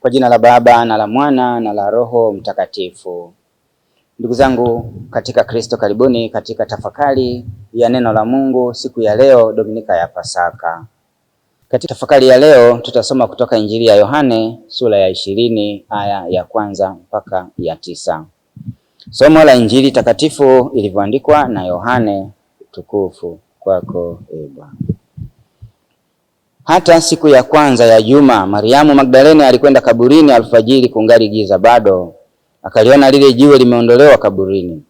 Kwa jina la Baba na la Mwana na la Roho Mtakatifu. Ndugu zangu katika Kristo, karibuni katika tafakari ya neno la Mungu siku ya leo, Dominika ya Pasaka. Katika tafakari ya leo tutasoma kutoka Injili ya Yohane sura ya ishirini aya ya kwanza mpaka ya tisa. Somo la Injili takatifu ilivyoandikwa na Yohane. Tukufu kwako, e Bwana. Hata siku ya kwanza ya juma, Mariamu Magdalene alikwenda kaburini alfajiri, kungali giza bado, akaliona lile jiwe limeondolewa kaburini.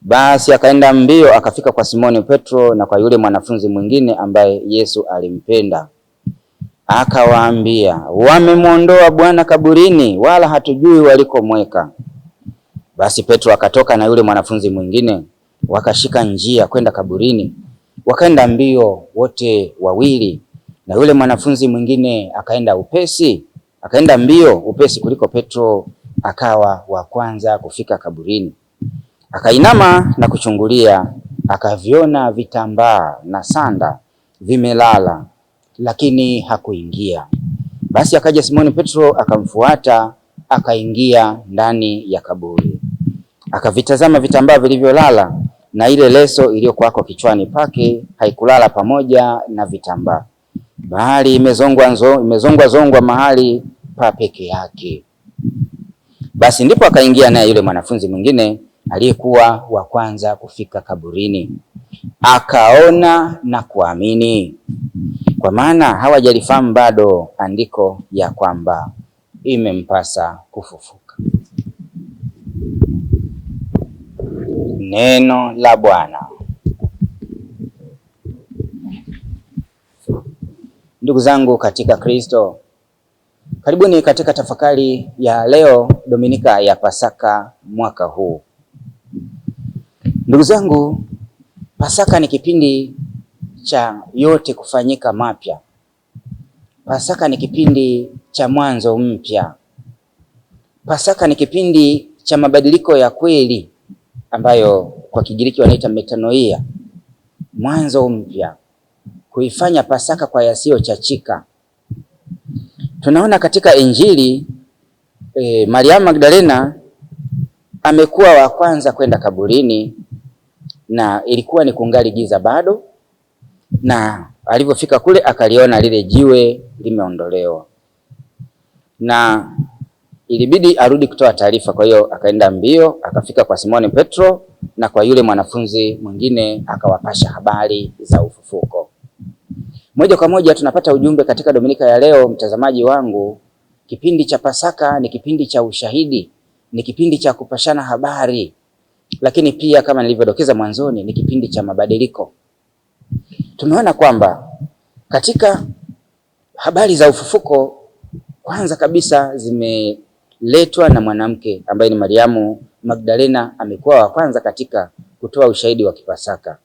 Basi akaenda mbio akafika kwa Simoni Petro na kwa yule mwanafunzi mwingine ambaye Yesu alimpenda, akawaambia, wamemwondoa Bwana kaburini, wala hatujui walikomweka. Basi Petro akatoka na yule mwanafunzi mwingine, wakashika njia kwenda kaburini, wakaenda mbio wote wawili na yule mwanafunzi mwingine akaenda upesi, akaenda mbio upesi kuliko Petro, akawa wa kwanza kufika kaburini. Akainama na kuchungulia, akaviona vitambaa na sanda vimelala, lakini hakuingia. Basi akaja Simoni Petro akamfuata, akaingia ndani ya kaburi, akavitazama vitambaa vilivyolala, na ile leso iliyokuwako kichwani pake haikulala pamoja na vitambaa bali imezongwa imezongwa zongwa mahali pa peke yake. Basi ndipo akaingia naye yule mwanafunzi mwingine aliyekuwa wa kwanza kufika kaburini, akaona na kuamini, kwa maana hawajalifahamu bado andiko ya kwamba imempasa kufufuka. Neno la Bwana. Ndugu zangu katika Kristo, karibuni katika tafakari ya leo, Dominika ya Pasaka mwaka huu. Ndugu zangu, Pasaka ni kipindi cha yote kufanyika mapya. Pasaka ni kipindi cha mwanzo mpya. Pasaka ni kipindi cha mabadiliko ya kweli ambayo kwa Kigiriki wanaita metanoia, mwanzo mpya kuifanya Pasaka kwa yasiyochachika. Tunaona katika Injili e, eh, Mariamu Magdalena amekuwa wa kwanza kwenda kaburini, na ilikuwa ni kungali giza bado, na alivyofika kule akaliona lile jiwe limeondolewa, na ilibidi arudi kutoa taarifa. Kwa hiyo akaenda mbio, akafika kwa Simoni Petro na kwa yule mwanafunzi mwingine, akawapasha habari za ufufuko. Moja kwa moja tunapata ujumbe katika Dominika ya leo. Mtazamaji wangu, kipindi cha Pasaka ni kipindi cha ushahidi, ni kipindi cha kupashana habari, lakini pia kama nilivyodokeza mwanzoni, ni kipindi cha mabadiliko. Tumeona kwamba katika habari za ufufuko, kwanza kabisa zimeletwa na mwanamke ambaye ni Mariamu Magdalena. Amekuwa wa kwanza katika kutoa ushahidi wa Kipasaka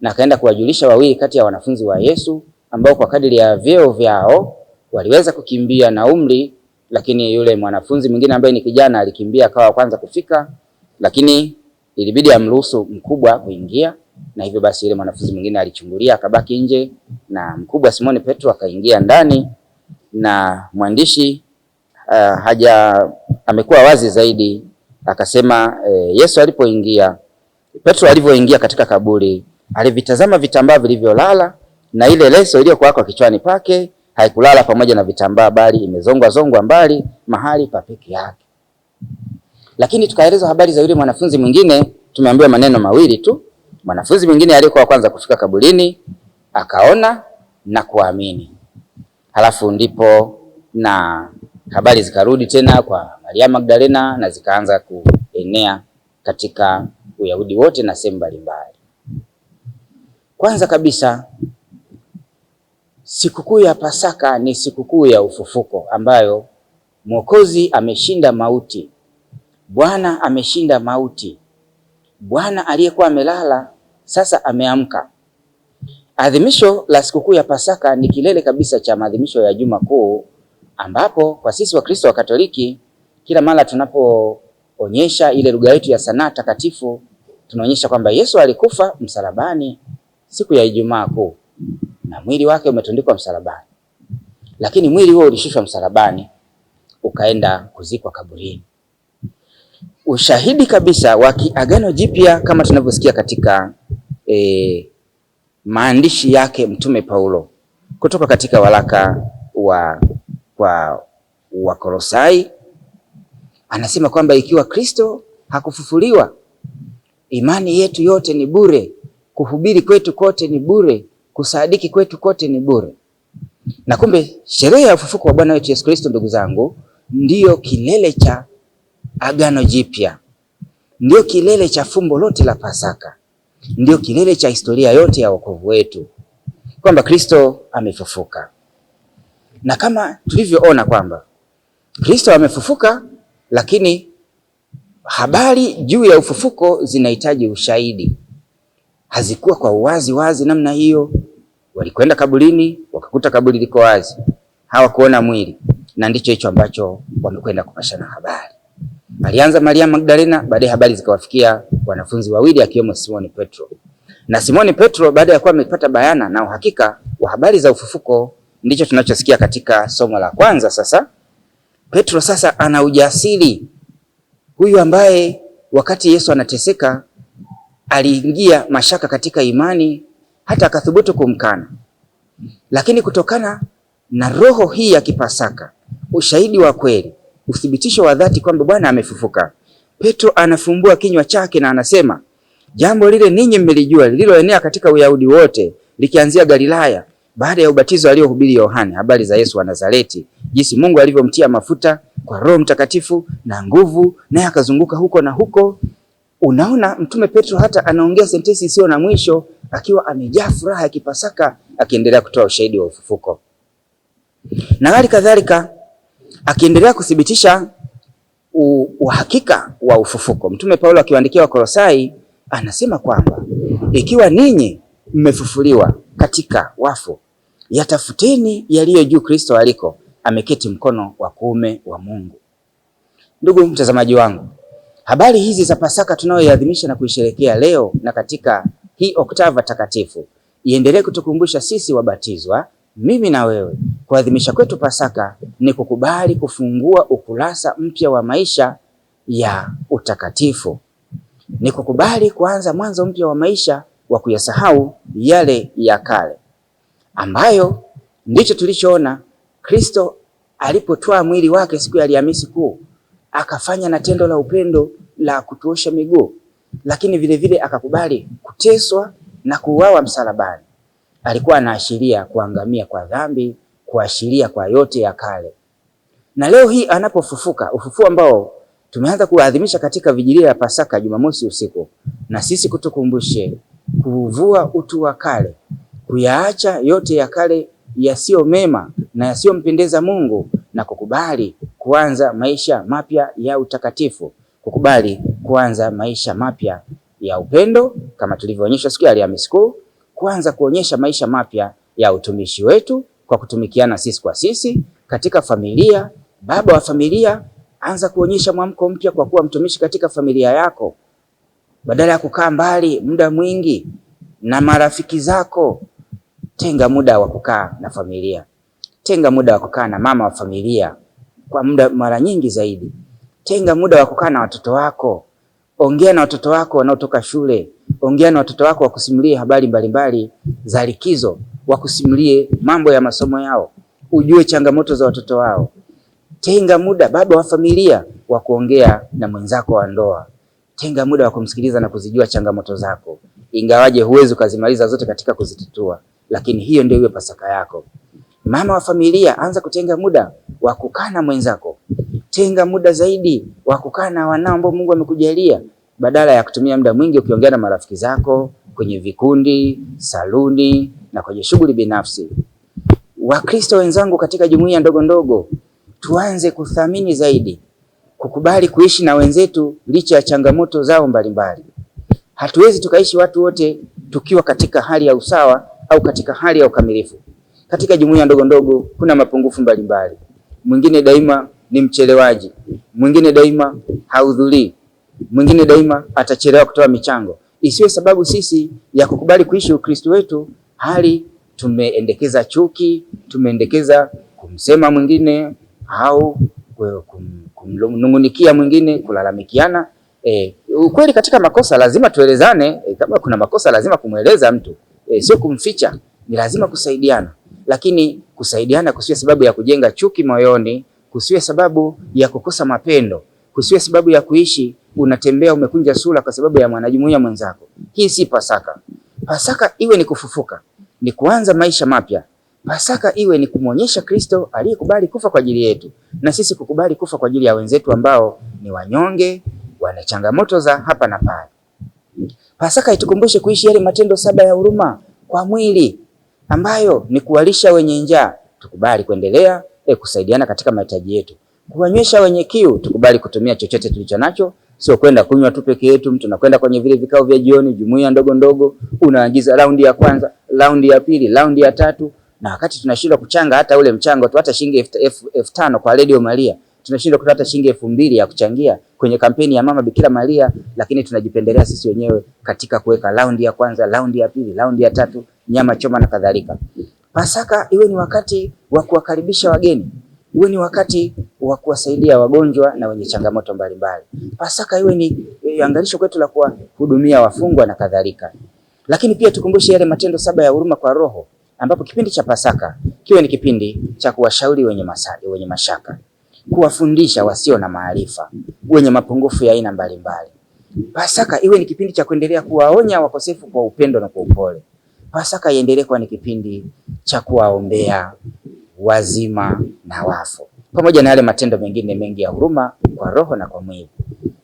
na akaenda kuwajulisha wawili kati ya wanafunzi wa Yesu ambao kwa kadiri ya vyeo vyao waliweza kukimbia na umri, lakini yule mwanafunzi mwingine ambaye ni kijana alikimbia akawa kwanza kufika, lakini ilibidi amruhusu mkubwa kuingia, na hivyo basi yule mwanafunzi mwingine alichungulia akabaki nje, na mkubwa Simon Petro akaingia ndani, na mwandishi uh, haja amekuwa wazi zaidi akasema e, Yesu alipoingia Petro alivyoingia katika kaburi alivitazama vitambaa vilivyolala na ile leso iliyokuwako kichwani pake haikulala pamoja na vitambaa, bali imezongwa zongwa mbali mahali pa peke yake. Lakini tukaelezwa habari za yule mwanafunzi mwingine, tumeambiwa maneno mawili tu. Mwanafunzi mwingine aliyekuwa kwanza kufika kaburini akaona na kuamini, halafu ndipo na habari zikarudi tena kwa Maria Magdalena na zikaanza kuenea katika Uyahudi wote na sehemu mbalimbali. Kwanza kabisa Sikukuu ya Pasaka ni sikukuu ya ufufuko ambayo Mwokozi ameshinda mauti. Bwana ameshinda mauti. Bwana aliyekuwa amelala sasa ameamka. Adhimisho la sikukuu ya Pasaka ni kilele kabisa cha maadhimisho ya Juma Kuu, ambapo kwa sisi Wakristo wa Katoliki kila mara tunapoonyesha ile lugha yetu ya sanaa takatifu tunaonyesha kwamba Yesu alikufa msalabani siku ya Ijumaa Kuu na mwili wake umetundikwa msalabani, lakini mwili huo ulishushwa msalabani ukaenda kuzikwa kaburini. Ushahidi kabisa wa Agano Jipya kama tunavyosikia katika e, maandishi yake Mtume Paulo kutoka katika waraka wa kwa Wakolosai anasema kwamba ikiwa Kristo hakufufuliwa, imani yetu yote ni bure, kuhubiri kwetu kote ni bure, kusadiki kwetu kote ni bure. Na kumbe sherehe ya ufufuko wa Bwana wetu Yesu Kristo, ndugu zangu, ndiyo kilele cha Agano Jipya, ndiyo kilele cha fumbo lote la Pasaka, ndiyo kilele cha historia yote ya wokovu wetu, kwamba Kristo amefufuka. Na kama tulivyoona kwamba Kristo amefufuka, lakini habari juu ya ufufuko zinahitaji ushahidi. Hazikuwa kwa uwazi wazi namna hiyo Walikwenda kaburini, wakakuta kaburi liko wazi, hawakuona mwili, na ndicho hicho ambacho wamekwenda kupashana habari. Alianza Maria Magdalena, baadaye habari zikawafikia wanafunzi wawili akiwemo Simoni Petro. Na Simoni Petro baada ya kuwa amepata bayana na uhakika wa habari za ufufuko, ndicho tunachosikia katika somo la kwanza. Sasa Petro sasa ana ujasiri huyu ambaye wakati Yesu anateseka aliingia mashaka katika imani hata akathubutu kumkana. Lakini kutokana na roho hii ya Kipasaka, ushahidi wa kweli, uthibitisho wa dhati kwamba Bwana amefufuka, Petro anafumbua kinywa chake na anasema, jambo lile ninyi mmelijua, lililoenea katika Uyahudi wote, likianzia Galilaya, baada ya ubatizo aliohubiri Yohane, habari za Yesu wa Nazareti, jinsi Mungu alivyomtia mafuta kwa Roho Mtakatifu na nguvu, naye akazunguka huko na huko. Unaona, mtume Petro hata anaongea sentensi isiyo na mwisho akiwa amejaa furaha ya kipasaka akiendelea kutoa ushahidi wa ufufuko. Na hali kadhalika akiendelea kuthibitisha uhakika wa ufufuko. Mtume Paulo akiwaandikia Wakolosai anasema kwamba ikiwa ninyi mmefufuliwa katika wafu, yatafuteni yaliyo juu Kristo aliko ameketi mkono wa kuume wa Mungu. Ndugu mtazamaji wangu, habari hizi za Pasaka tunayoiadhimisha na kuisherehekea leo na katika hii oktava takatifu iendelee kutukumbusha sisi wabatizwa, mimi na wewe, kuadhimisha kwetu Pasaka ni kukubali kufungua ukurasa mpya wa maisha ya utakatifu, ni kukubali kuanza mwanzo mpya wa maisha wa kuyasahau yale ya kale, ambayo ndicho tulichoona Kristo alipotwaa mwili wake siku ya Alhamisi Kuu, akafanya na tendo la upendo la kutuosha miguu lakini vilevile akakubali kuteswa na kuuawa msalabani. Alikuwa anaashiria kuangamia kwa dhambi, kuashiria kwa yote ya kale. Na leo hii anapofufuka, ufufuo ambao tumeanza kuadhimisha katika vijilia ya Pasaka Jumamosi usiku, na sisi kutukumbushe kuvua utu wa kale, kuyaacha yote ya kale yasiyo mema na yasiyompendeza Mungu na kukubali kuanza maisha mapya ya utakatifu, kukubali kuanza maisha mapya ya upendo kama tulivyoonyesha siku ya Alhamisi Kuu, kuanza kuonyesha maisha mapya ya utumishi wetu kwa kutumikiana sisi kwa sisi katika familia. Baba wa familia, anza kuonyesha mwamko mpya kwa kuwa mtumishi katika familia yako, badala ya kukaa mbali muda mwingi na marafiki zako. Tenga muda wa kukaa na familia, tenga muda wa kukaa na mama wa familia kwa muda mara nyingi zaidi, tenga muda wa kukaa na watoto wako. Ongea na watoto wako wanaotoka shule, ongea na watoto wako wakusimulie habari mbalimbali za likizo, wakusimulie mambo ya masomo yao, ujue changamoto za watoto wao. Tenga muda baba wa familia wa kuongea na mwenzako wa ndoa, tenga muda wa kumsikiliza na kuzijua changamoto zako, ingawaje huwezi ukazimaliza zote katika kuzitatua, lakini hiyo ndio iwe pasaka yako. Mama wa familia, anza kutenga muda wa kukaa na mwenzako tenga muda zaidi wa kukaa na wanao ambao Mungu amekujalia, badala ya kutumia muda mwingi ukiongea na marafiki zako kwenye vikundi, saluni na kwenye shughuli binafsi. Wakristo wenzangu katika jumuiya ndogo ndogo, tuanze kuthamini zaidi kukubali kuishi na wenzetu licha ya changamoto zao mbalimbali. Hatuwezi tukaishi watu wote tukiwa katika hali ya usawa au katika hali ya ukamilifu. Katika jumuiya ndogo ndogo kuna mapungufu mbalimbali, mwingine daima ni mchelewaji, mwingine daima hahudhurii, mwingine daima atachelewa kutoa michango. Isiwe sababu sisi ya kukubali kuishi Ukristo wetu hali tumeendekeza chuki, tumeendekeza kumsema mwingine au kumnungunikia mwingine, kulalamikiana. E, ukweli katika makosa lazima tuelezane. E, kama kuna makosa lazima kumweleza mtu e, sio kumficha, ni lazima kusaidiana, lakini kusaidiana kusiwe sababu ya kujenga chuki moyoni kusiwe sababu ya kukosa mapendo, kusiwe sababu ya kuishi unatembea umekunja sura kwa sababu ya mwanajumuiya mwenzako. Hii si Pasaka. Pasaka iwe ni kufufuka, ni kuanza maisha mapya. Pasaka iwe ni kumwonyesha Kristo aliyekubali kufa kwa ajili yetu, na sisi kukubali kufa kwa ajili ya wenzetu ambao ni wanyonge, wana changamoto za hapa na pale. Pasaka itukumbushe kuishi yale matendo saba ya huruma kwa mwili ambayo ni kuwalisha wenye njaa. Tukubali kuendelea e, kusaidiana katika mahitaji yetu. Kuwanywesha wenye kiu, tukubali kutumia chochote tulicho nacho, sio kwenda kunywa tu peke yetu. Mtu nakwenda kwenye vile vikao vya jioni, jumuiya ndogo ndogo, unaagiza raundi ya kwanza, raundi ya pili, raundi ya tatu, na wakati tunashindwa kuchanga hata ule mchango tu, hata shilingi elfu tano kwa Radio Maria tunashindwa kupata shilingi elfu mbili ya kuchangia kwenye kampeni ya Mama Bikira Maria, lakini tunajipendelea sisi wenyewe katika kuweka raundi ya kwanza, raundi ya pili, raundi ya tatu, nyama choma na kadhalika. Pasaka iwe ni wakati wa kuwakaribisha wageni, iwe ni wakati wa kuwasaidia wagonjwa na wenye changamoto mbalimbali. Pasaka iwe ni eh, angalisho kwetu la kuwahudumia wafungwa na kadhalika. Lakini pia tukumbushe yale matendo saba ya huruma kwa Roho, ambapo kipindi cha Pasaka kiwe ni kipindi cha kuwashauri wenye masari, wenye mashaka, kuwafundisha wasio na maarifa, wenye mapungufu ya aina mbalimbali. Pasaka iwe ni kipindi cha kuendelea kuwaonya wakosefu kwa upendo na kwa upole. Pasaka iendelee kuwa ni kipindi cha kuwaombea wazima na wafu, pamoja na yale matendo mengine mengi ya huruma kwa roho na kwa mwili.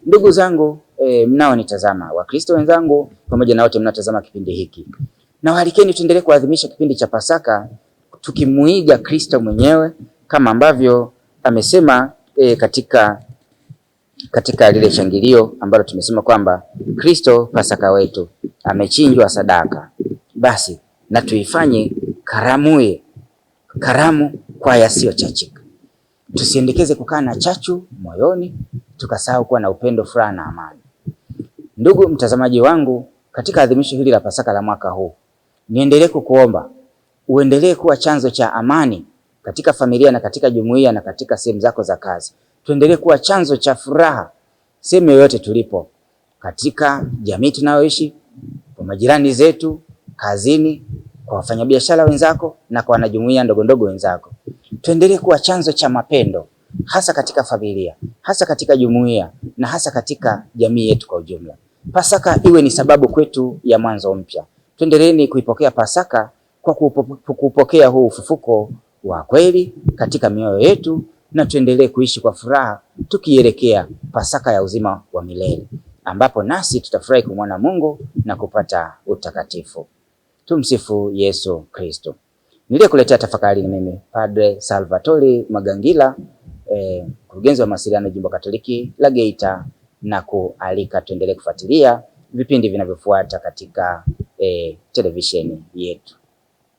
Ndugu zangu e, mnaonitazama Wakristo wenzangu, pamoja na wote mnaotazama kipindi hiki, na walikeni tuendelee kuadhimisha kipindi cha Pasaka tukimuiga Kristo mwenyewe kama ambavyo amesema e, katika katika lile shangilio ambalo tumesema kwamba Kristo Pasaka wetu amechinjwa sadaka basi na tuifanye karamuye karamu kwa chachika. Tusiendekeze kukaa na chachu moyoni tukasahau kuwa na upendo, furaha na amani. Ndugu mtazamaji wangu, katika adhimisho hili la Pasaka la mwaka huu, niendelee kukuomba uendelee kuwa chanzo cha amani katika familia na katika jumuiya na katika sehemu zako za kazi. Tuendelee kuwa chanzo cha furaha sehemu yoyote tulipo, katika jamii tunayoishi, kwa majirani zetu kazini, kwa wafanyabiashara wenzako na kwa ndogo ndogondogo wenzako. Tuendelee kuwa chanzo cha mapendo hasa katika familia, hasa katika jumuiya na hasa katika jamii yetu kwa ujumla. Pasaka iwe ni sababu kwetu ya mwanzo mpya. Tuendeleeni kuipokea Pasaka kwa kupokea huu ufufuko wa kweli katika mioyo yetu, na tuendelee kuishi kwa furaha tukielekea Pasaka ya uzima wa milele ambapo nasi tutafurahi kumwona Mungu na kupata utakatifu. Tumsifu Yesu Kristo. Niliyekuletea tafakari ni mimi Padre Salvatori Magangila, eh, mkurugenzi eh, wa mawasiliano jimbo Katoliki la Geita, na kualika tuendelee kufuatilia vipindi vinavyofuata katika eh, televisheni yetu.